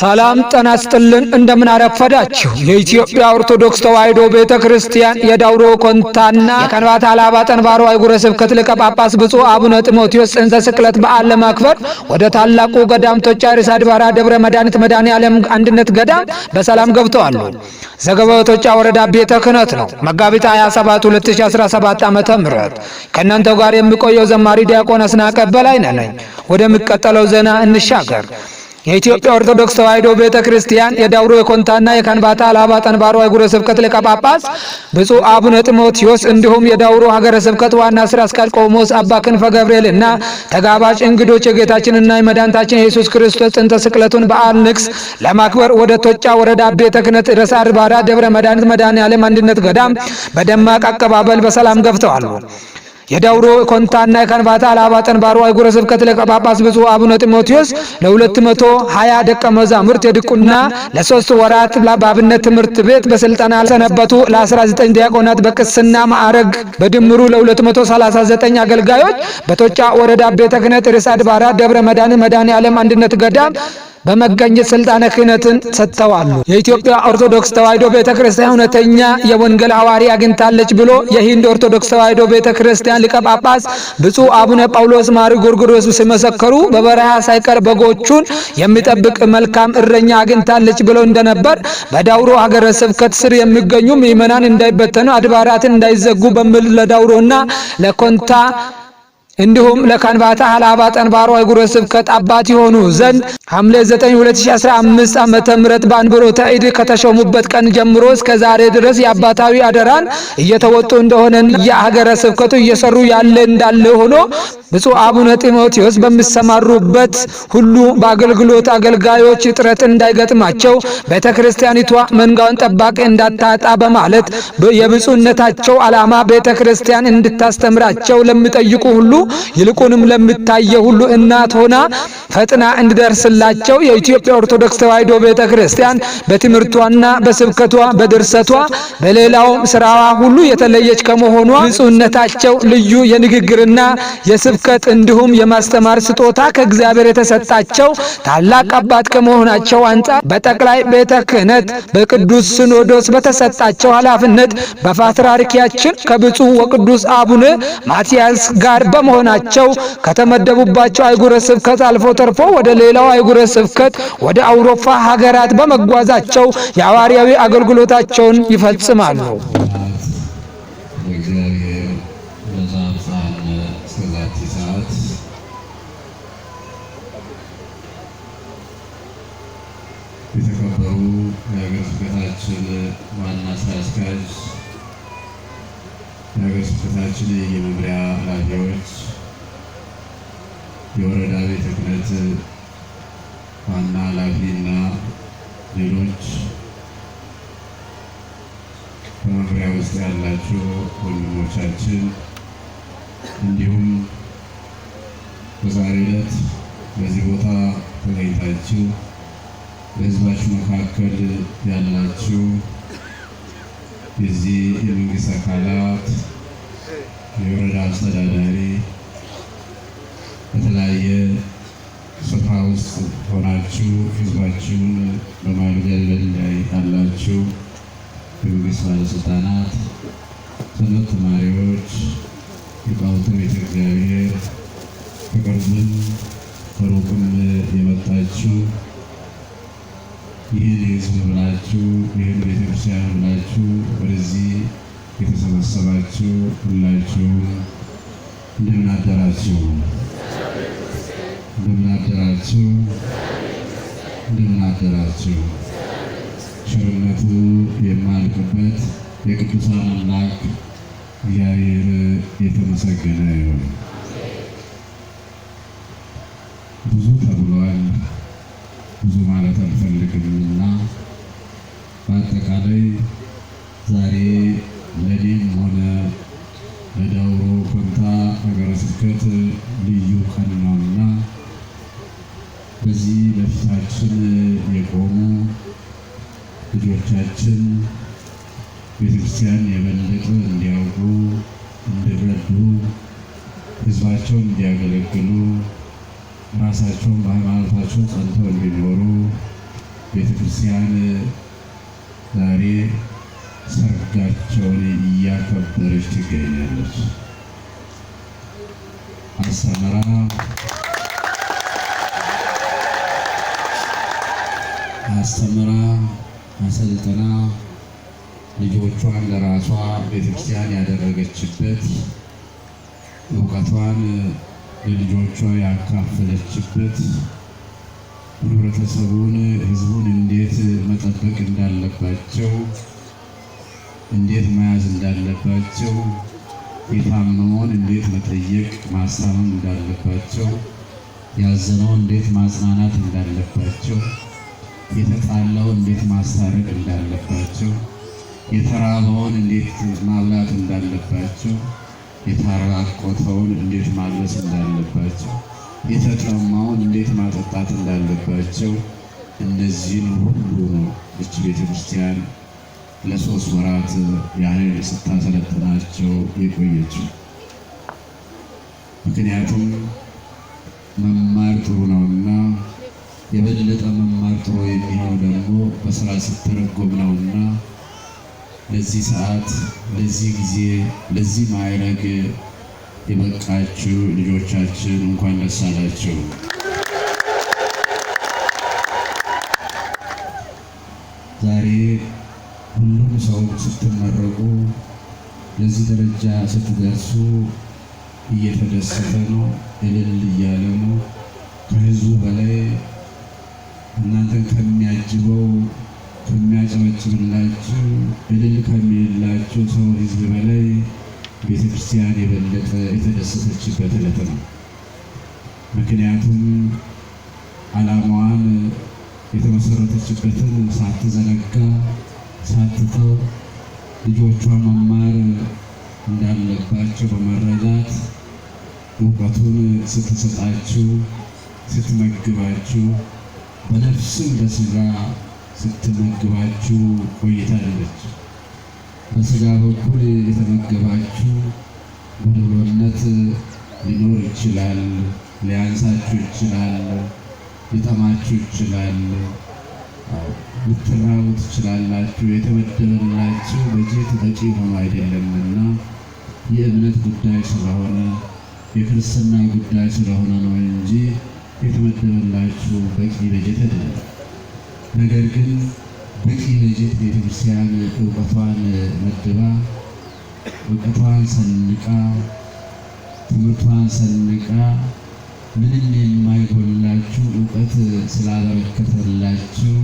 ሰላም ጤና ይስጥልን። እንደምን አረፈዳችሁ። የኢትዮጵያ ኦርቶዶክስ ተዋሕዶ ቤተ ክርስቲያን የዳውሮ ኮንታና የከንባታ አላባ ጠንባሮ አህጉረ ስብከት ሊቀ ጳጳስ ብፁዕ አቡነ ጢሞቴዎስ ጽንሰ ስቅለት በዓል ለማክበር ወደ ታላቁ ገዳም ቶጫ አድባራ ደብረ መድኃኒት ዓለም አንድነት ገዳም በሰላም ገብተዋል። ዘገባው ቶጫ ወረዳ ቤተ ክህነት ነው። መጋቢት 27 2017 ዓ ም ከእናንተ ጋር የሚቆየው ዘማሪ ዲያቆን አስናቀ በላይ ነኝ። ወደሚቀጠለው ዜና እንሻገር። የኢትዮጵያ ኦርቶዶክስ ተዋሕዶ ቤተ ክርስቲያን የዳውሮ የኮንታና የካንባታ አላባ ጠንባሮ አህጉረ ስብከት ሊቀ ጳጳስ ብፁዕ አቡነ ጢሞቴዎስ እንዲሁም የዳውሮ ሀገረ ስብከት ዋና ስራ አስኪያጅ ቆሞስ አባ ክንፈ ገብርኤል እና ተጋባጭ እንግዶች የጌታችንና የመድኃኒታችን የኢየሱስ ክርስቶስ ጥንተ ስቅለቱን በዓል ንግስ ለማክበር ወደ ቶጫ ወረዳ ቤተ ክህነት ርዕሰ አድባራት ደብረ መድኃኒት መድኃኔዓለም አንድነት ገዳም በደማቅ አቀባበል በሰላም ገብተዋል። የዳውሮ ኮንታና የከንባታ አላባ ጠንባሮ አህጉረ ስብከት ሊቀ ጳጳስ ብፁዕ አቡነ ጢሞቴዎስ ለሁለት መቶ ሀያ ደቀ መዛሙርት የድቁና ለሶስት ወራት በአብነት ትምህርት ቤት በስልጠና ሰነበቱ ለ19 ዲያቆናት በቅስና ማዕረግ በድምሩ ለ239 አገልጋዮች በቶጫ ወረዳ ቤተ ክህነት ርዕሰ አድባራት ደብረ መድኃኒት መድኃኔ ዓለም አንድነት ገዳም በመገኘት ስልጣነ ክህነትን ሰጥተዋሉ። የኢትዮጵያ ኦርቶዶክስ ተዋሕዶ ቤተ ክርስቲያን እውነተኛ የወንጌል ሐዋሪ አግኝታለች ብሎ የሂንድ ኦርቶዶክስ ተዋሕዶ ቤተ ክርስቲያን ሊቀ ጳጳስ ብፁዕ አቡነ ጳውሎስ ማሪ ጎርጎዶስ ሲመሰከሩ በበረሃ ሳይቀር በጎቹን የሚጠብቅ መልካም እረኛ አግኝታለች ብለው እንደነበር በዳውሮ ሀገረ ስብከት ስር የሚገኙ ምዕመናን እንዳይበተኑ አድባራትን እንዳይዘጉ በሚል ለዳውሮና ለኮንታ እንዲሁም ለካንባታ ሀላባ ጠንባሮ አህጉረ ስብከት አባት የሆኑ ዘንድ ሐምሌ 9 2015 ዓመተ ምህረት በአንብሮተ እድ ከተሾሙበት ቀን ጀምሮ እስከ ዛሬ ድረስ የአባታዊ አደራን እየተወጡ እንደሆነን የሀገረ ስብከቱ እየሰሩ ያለ እንዳለ ሆኖ ብፁዕ አቡነ ጢሞቴዎስ በሚሰማሩበት ሁሉ በአገልግሎት አገልጋዮች እጥረት እንዳይገጥማቸው ቤተ ክርስቲያኒቷ መንጋውን ጠባቂ እንዳታጣ በማለት የብፁዕነታቸው ዓላማ ቤተ ክርስቲያን እንድታስተምራቸው ለሚጠይቁ ሁሉ ይልቁንም ለምታየ ሁሉ እናት ሆና ፈጥና እንድደርስላቸው የኢትዮጵያ ኦርቶዶክስ ተዋሕዶ ቤተ ክርስቲያን በትምህርቷና በስብከቷ በድርሰቷ በሌላውም ስራዋ ሁሉ የተለየች ከመሆኗ ንጹህነታቸው ልዩ የንግግርና የስብከት እንዲሁም የማስተማር ስጦታ ከእግዚአብሔር የተሰጣቸው ታላቅ አባት ከመሆናቸው አንጻር በጠቅላይ ቤተ ክህነት በቅዱስ ሲኖዶስ በተሰጣቸው ኃላፊነት በፓትርያርኪያችን ከብፁዕ ወቅዱስ አቡነ ማትያስ ጋር በመሆን በመሆናቸው ከተመደቡባቸው አህጉረ ስብከት አልፎ ተርፎ ወደ ሌላው አህጉረ ስብከት ወደ አውሮፓ ሀገራት በመጓዛቸው የሐዋርያዊ አገልግሎታቸውን ይፈጽማሉ። የሀገር ስብከታችን የመምሪያ ኃላፊዎች፣ የወረዳ ቤተ ክህነት ዋና ኃላፊና ሌሎች በመምሪያ ውስጥ ያላችሁ ወንድሞቻችን እንዲሁም በዛሬ ዕለት በዚህ ቦታ ተገኝታችሁ በህዝባችሁ መካከል ያላችሁ የዚህ የመንግስት አካላት የወረዳ አስተዳዳሪ በተለያየ ስፍራ ውስጥ ሆናችሁ ህዝባችሁን በማገልገል ላይ ያላችሁ የመንግስት ባለስልጣናት፣ ትምህርት ተማሪዎች፣ የቃውንት ቤተ እግዚአብሔር ከቅርብም ከሩቅም የመጣችሁ ይህን ህዝብ ብላችሁ ይህን ቤተክርስቲያን ብላችሁ ወደዚህ የተሰበሰባችሁ ሁላችሁም እንደምናደራችሁ እንደምናደራችሁ እንደምናደራችሁ ቸርነቱ የማያልቅበት የቅዱሳን አምላክ እግዚአብሔር የተመሰገነ ይሁን። ብዙ በትኩረት ልዩ ቀን ነውና በዚህ በፊታችን የቆሙ ልጆቻችን ቤተክርስቲያን የበለጠ እንዲያውቁ እንዲረዱ ህዝባቸውን እንዲያገለግሉ ራሳቸውን በሃይማኖታቸው ጸንተው እንዲኖሩ ቤተክርስቲያን ዛሬ ሰርጋቸውን እያከበረች ትገኛለች። አዲስ አበባ አስተምራ አሰልጥና ልጆቿን ለራሷ ቤተክርስቲያን ያደረገችበት እውቀቷን ለልጆቿ ያካፈለችበት ህብረተሰቡን፣ ህዝቡን እንዴት መጠበቅ እንዳለባቸው እንዴት መያዝ እንዳለባቸው የታመመውን እንዴት መጠየቅ ማሳመም እንዳለባቸው፣ ያዘነው እንዴት ማጽናናት እንዳለባቸው፣ የተጣላውን እንዴት ማስታረቅ እንዳለባቸው፣ የተራበውን እንዴት ማብላት እንዳለባቸው፣ የታራቆተውን እንዴት ማለስ እንዳለባቸው፣ የተጠማውን እንዴት ማጠጣት እንዳለባቸው፣ እነዚህን ሁሉ ነው እች ቤተ ለሶስት ወራት ያህል ስታሰለጥናቸው የቆየችው። ምክንያቱም መማር ጥሩ ነውና የበለጠ መማር ጥሩ የሚሆነው ደግሞ በስራ ስትተረጎም ነውና ለዚህ ሰዓት፣ ለዚህ ጊዜ፣ ለዚህ ማዕረግ የበቃችሁ ልጆቻችን እንኳን ደስ አላችሁ። ዛሬ ሁሉም ሰው ስትመረቁ ለዚህ ደረጃ ስትደርሱ እየተደሰተ ነው። ስትበላችሁ፣ ስትመግባችሁ፣ በነፍስም በስጋ ስትመግባችሁ ቆይታለች። በስጋ በኩል የተመገባችሁ በድሮነት ሊኖር ይችላል፣ ሊያንሳችሁ ይችላል፣ ሊጠማችሁ ይችላል፣ ልትራቡ ትችላላችሁ። የተመደበላችሁ በጀት በቂ ሆኖ አይደለምና የእምነት ጉዳይ ስለሆነ የክርስትና ጉዳይ ስለሆነ ነው እንጂ የተመደበላችሁ በቂ በጀት አይደለም። ነገር ግን በቂ በጀት ቤተክርስቲያን እውቀቷን መድባ እውቀቷን ሰንቃ ትምህርቷን ሰንቃ ምንም የማይጎልላችሁ እውቀት ስላበረከተላችሁ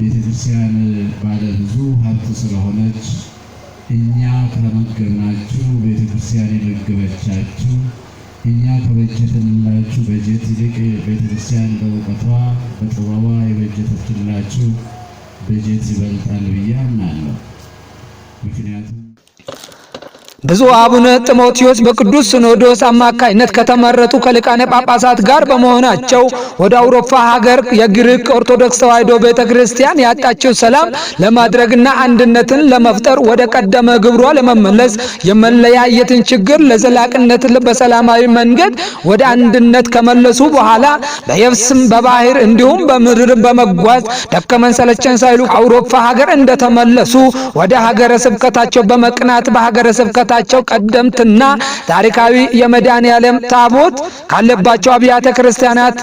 ቤተክርስቲያን ባለ ብዙ ሀብት ስለሆነች እኛ ከመገብናችሁ ቤተ ክርስቲያን የመገበቻችሁ እኛ ከበጀትንላችሁ በጀት ይልቅ ቤተ ክርስቲያን በእውቀቷ በጥበቧ የበጀተችላችሁ በጀት ይበልጣል ብዬ አምናለሁ። ምክንያቱም ብፁዕ አቡነ ጢሞቴዎስ በቅዱስ ሲኖዶስ አማካኝነት ከተመረጡ ከሊቃነ ጳጳሳት ጋር በመሆናቸው ወደ አውሮፓ ሀገር የግሪክ ኦርቶዶክስ ተዋሕዶ ቤተ ክርስቲያን ያጣችው ሰላም ለማድረግና አንድነትን ለመፍጠር ወደ ቀደመ ግብሯ ለመመለስ የመለያየትን ችግር ለዘላቅነት በሰላማዊ መንገድ ወደ አንድነት ከመለሱ በኋላ በየብስም በባህር እንዲሁም በምድር በመጓዝ ደከመን ሰለቸን ሳይሉ አውሮፓ ሀገር እንደተመለሱ ወደ ሀገረ ስብከታቸው በመቅናት በሀገረ ስብከት በመመልከታቸው ቀደምትና ታሪካዊ የመድኃኔ ዓለም ታቦት ካለባቸው አብያተ ክርስቲያናት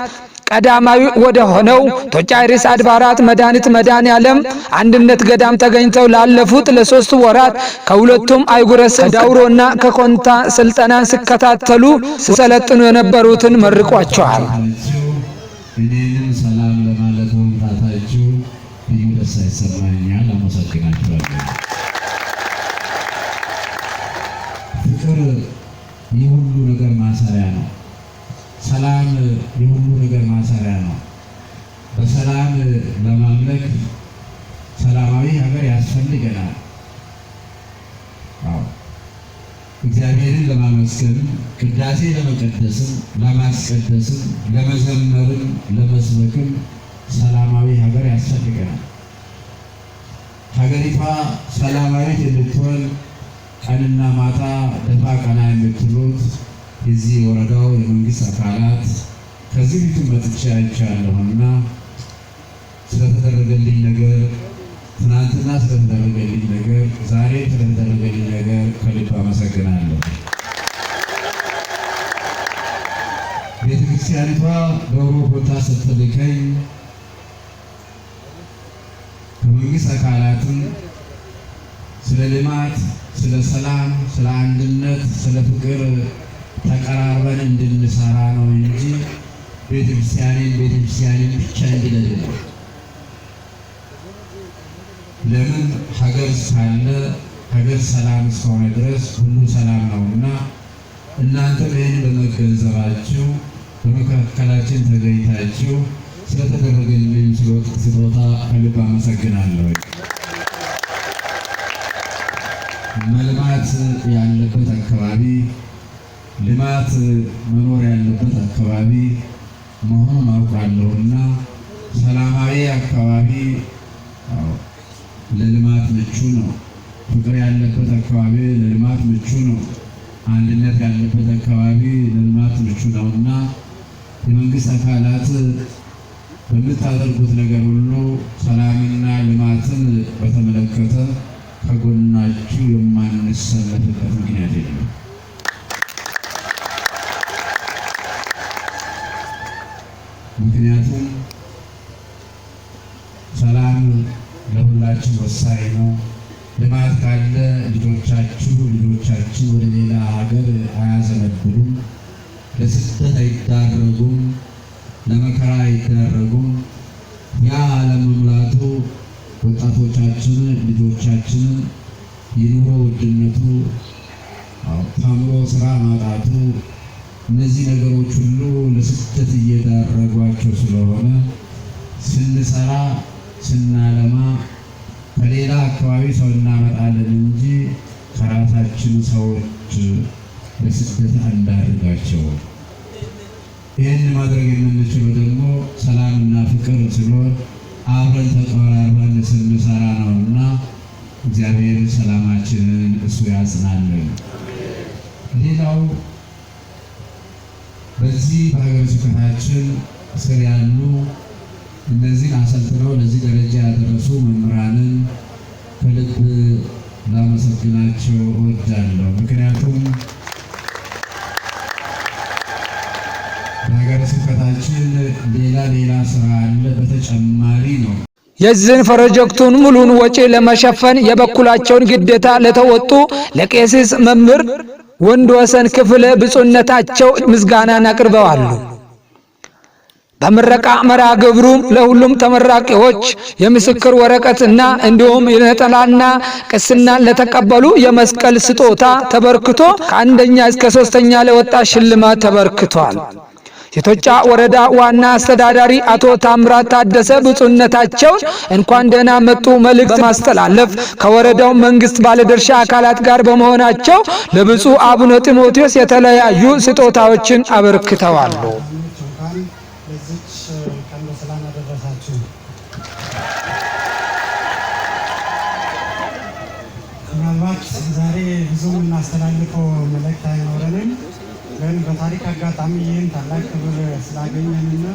ቀዳማዊ ወደ ሆነው ቶጫይሪስ አድባራት መድኃኒት መድኃኔ ዓለም አንድነት ገዳም ተገኝተው ላለፉት ለሶስት ወራት ከሁለቱም አይጉረስ ስብከት ከዳውሮና ከኮንታ ስልጠና ሲከታተሉ ሲሰለጥኑ የነበሩትን መርቋቸዋል። እኔንም ሰላም ለማለት መምጣታችሁ ልዩ ይሰማኛል። አመሰግናችኋለሁ። ፍቅር የሁሉ ነገር ማሰሪያ ነው። ሰላም የሁሉ ነገር ማሰሪያ ነው። በሰላም ለማምለክ ሰላማዊ ሀገር ያስፈልገናል። እግዚአብሔርን ለማመስገንም ቅዳሴ ለመቀደስም ለማስቀደስም ለመዘመርም ለመስበክም ሰላማዊ ሀገር ያስፈልገናል። ሀገሪቷ ሰላማዊት እንድትሆን ቀንና ማታ ደፋ ቀና የምትሉት የዚህ ወረዳው የመንግስት አካላት ከዚህ ፊት መጥቼ አይቻለሁና ስለተደረገልኝ ነገር ትናንትና ስለተደረገልኝ ነገር ዛሬ ስለተደረገልኝ ነገር ከልብ አመሰግናለሁ። ቤተክርስቲያኒቷ ዶሮ ቦታ ስትልከኝ ከመንግስት አካላትን ስለ ልማት፣ ስለ ሰላም፣ ስለ አንድነት፣ ስለ ፍቅር ተቀራርበን እንድንሰራ ነው እንጂ ቤተክርስቲያንን ቤተክርስቲያንን ብቻ እንድንል ነው። ለምን ሀገር ሳለ ሀገር ሰላም እስከሆነ ድረስ ሁሉ ሰላም እና እናንተ ይህን በመገንዘባችሁ በመካከላችን ተገኝታችሁ ስለተደረገልኝ ስጦታ ከልብ አመሰግናለሁ። መልማት ያለበት አካባቢ ልማት መኖር ያለበት አካባቢ መሆኑን አውቃለሁና ሰላማዊ አካባቢ ለልማት ምቹ ነው። ፍቅር ያለበት አካባቢ ለልማት ምቹ ነው። አንድነት ያለበት አካባቢ ለልማት ምቹ ነው እና የመንግስት አካላት በምታደርጉት ነገር ሁሉ ሰላምና ልማትን በተመለከተ ከጎናችሁ የማንሰለፍበት ምክንያት የለም። ምክንያቱም ሰላም ለሁላችሁ ወሳኝ ነው። ልማት ካለ ልጆቻችሁ ልጆቻችን ወደ ሌላ ሀገር አያዘነብሉም፣ ለስደት አይዳረጉም፣ ለመከራ አይዳረጉም። ያ አለመሙላቱ ወጣቶቻችን ልጆቻችን የኑሮ ውድነቱ ተምሮ ስራ ማጣቱ እነዚህ ነገሮች ሁሉ ለስደት እየዳረጓቸው ስለሆነ ስንሰራ ስናለማ ከሌላ አካባቢ ሰው እናመጣለን እንጂ ከራሳችን ሰዎች ለስደት አንዳርጋቸው። ይህን ማድረግ የምንችለው ደግሞ ሰላምና ፍቅር ሲሆን አብረን ተጠራርበን ስንሰራ ነው እና እግዚአብሔር ሰላማችንን እሱ ያጽናልን። ሌላው በዚህ በሀገረ ስብከታችን ስር ያሉ እነዚህን አሰልጥነው ለዚህ ደረጃ ያደረሱ መምህራንን ከልብ ላመሰግናቸው እወዳለሁ። ምክንያቱም የዝን ስብከታችን ሌላ ሌላ ስራ አለ በተጨማሪ ነው። የዚህን ፕሮጀክቱን ሙሉን ወጪ ለመሸፈን የበኩላቸውን ግዴታ ለተወጡ ለቄሲስ መምህር ወንድ ወሰን ክፍል ብፁዕነታቸው ምስጋናን አቅርበዋሉ። በምረቃ መርሃ ግብሩ ለሁሉም ተመራቂዎች የምስክር ወረቀትና እንዲሁም የነጠላና ቅስናን ለተቀበሉ የመስቀል ስጦታ ተበርክቶ ከአንደኛ እስከ ሶስተኛ ለወጣ ሽልማት ተበርክቷል። የቶጫ ወረዳ ዋና አስተዳዳሪ አቶ ታምራት ታደሰ ብፁዕነታቸውን እንኳን ደህና መጡ መልእክት ማስተላለፍ ከወረዳው መንግስት ባለድርሻ አካላት ጋር በመሆናቸው ለብፁዕ አቡነ ጢሞቴዎስ የተለያዩ ስጦታዎችን አበርክተዋል። ግን በታሪክ አጋጣሚ ይህን ታላቅ ክብር ስላገኘንና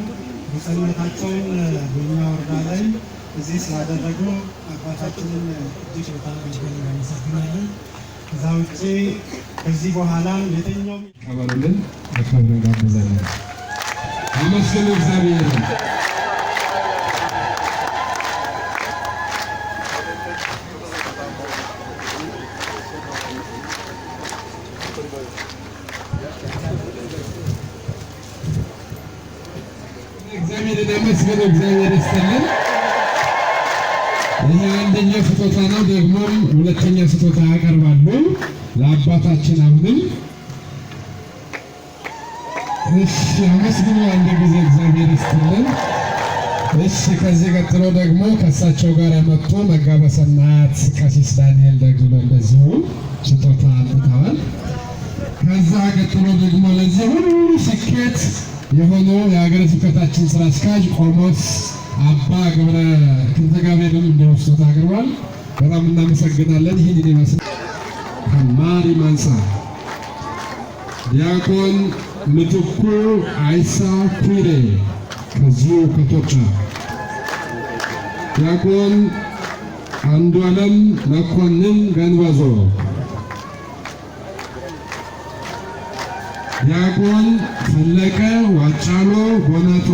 ብፁዕነታቸውን በኛ ወረዳ ላይ እዚህ ስላደረጉ አባታችንን እጅግ በጣም እጅገን እናመሰግናለን። ከዛ ውጭ ከዚህ በኋላ የትኛውም ቀበሉልን በክብር ጋብዘናል። አመስግን እግዚአብሔር እግዚአብሔር ይስጥልን። ይሄ አንደኛ ስጦታ ነው። ደግሞም ሁለተኛ ስጦታ ያቀርባሉ ለአባታችን አሁንም እሺ፣ አመስግኑ አንድ ጊዜ እግዚአብሔር ይስጥልን። እሺ፣ ከዚህ ቀጥሎ ደግሞ ከእሳቸው ጋር የመጡ መጋቤ ሰማዕት ቀሲስ ዳንኤል ደግሞ እንደዚሁ ስጦታ አምጥተዋል። ከዛ ቀጥሎ ደግሞ ለዚህ ሁሉ ስኬት የሆነው የሀገረ ስብከታችን ስራ አስኪያጅ ቆሞስ አባ ገብረ ክንፈ ገብርኤልን እንደወስቶት አቅርቧል። በጣም እናመሰግናለን። ይህን ይመስል ከማሪ ማንሳ ዲያቆን ምትኩ አይሳ ኩሬ ከዚሁ ከቶቻ፣ ዲያቆን አንዱ አለም መኮንን ገንበዞ። ዲያቆን ፈለቀ ዋጫሎ ቦነቶ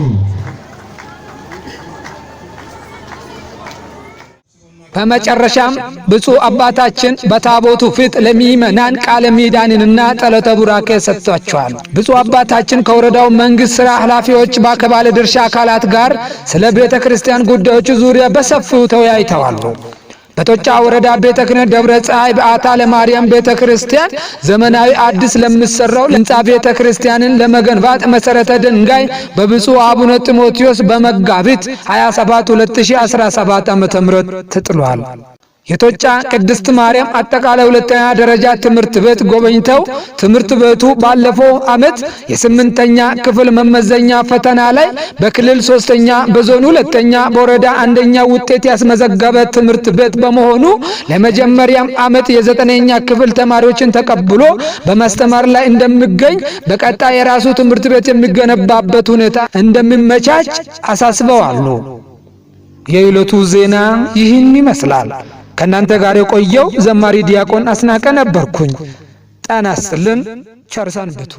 በመጨረሻም ብፁዕ አባታችን በታቦቱ ፊት ለሚመናን ቃለ ምዕዳንንና ጸሎተ ቡራኬ ሰጥቷቸዋል። ብፁዕ አባታችን ከወረዳው መንግስት ስራ ኃላፊዎች ከባለ ድርሻ አካላት ጋር ስለ ቤተ ክርስቲያን ጉዳዮች ዙሪያ በሰፊው ተወያይተዋል። በጦጫ ወረዳ ቤተ ክህነት ደብረ ፀሐይ በአታ ለማርያም ቤተ ክርስቲያን ዘመናዊ አዲስ ለምሰራው ህንፃ ቤተ ክርስቲያንን ለመገንባት መሰረተ ድንጋይ በብፁዕ አቡነ ጢሞቴዎስ በመጋቢት 27 2017 ም ተጥሏል። የቶጫ ቅድስት ማርያም አጠቃላይ ሁለተኛ ደረጃ ትምህርት ቤት ጎበኝተው ትምህርት ቤቱ ባለፈው ዓመት የስምንተኛ ክፍል መመዘኛ ፈተና ላይ በክልል ሶስተኛ፣ በዞን ሁለተኛ፣ በወረዳ አንደኛ ውጤት ያስመዘገበ ትምህርት ቤት በመሆኑ ለመጀመሪያም ዓመት የዘጠነኛ ክፍል ተማሪዎችን ተቀብሎ በማስተማር ላይ እንደሚገኝ በቀጣይ የራሱ ትምህርት ቤት የሚገነባበት ሁኔታ እንደሚመቻች አሳስበዋል። የዕለቱ ዜና ይህን ይመስላል። ከእናንተ ጋር የቆየው ዘማሪ ዲያቆን አስናቀ ነበርኩኝ። ጤና ይስጥልን። ቸር ሰንብቱ።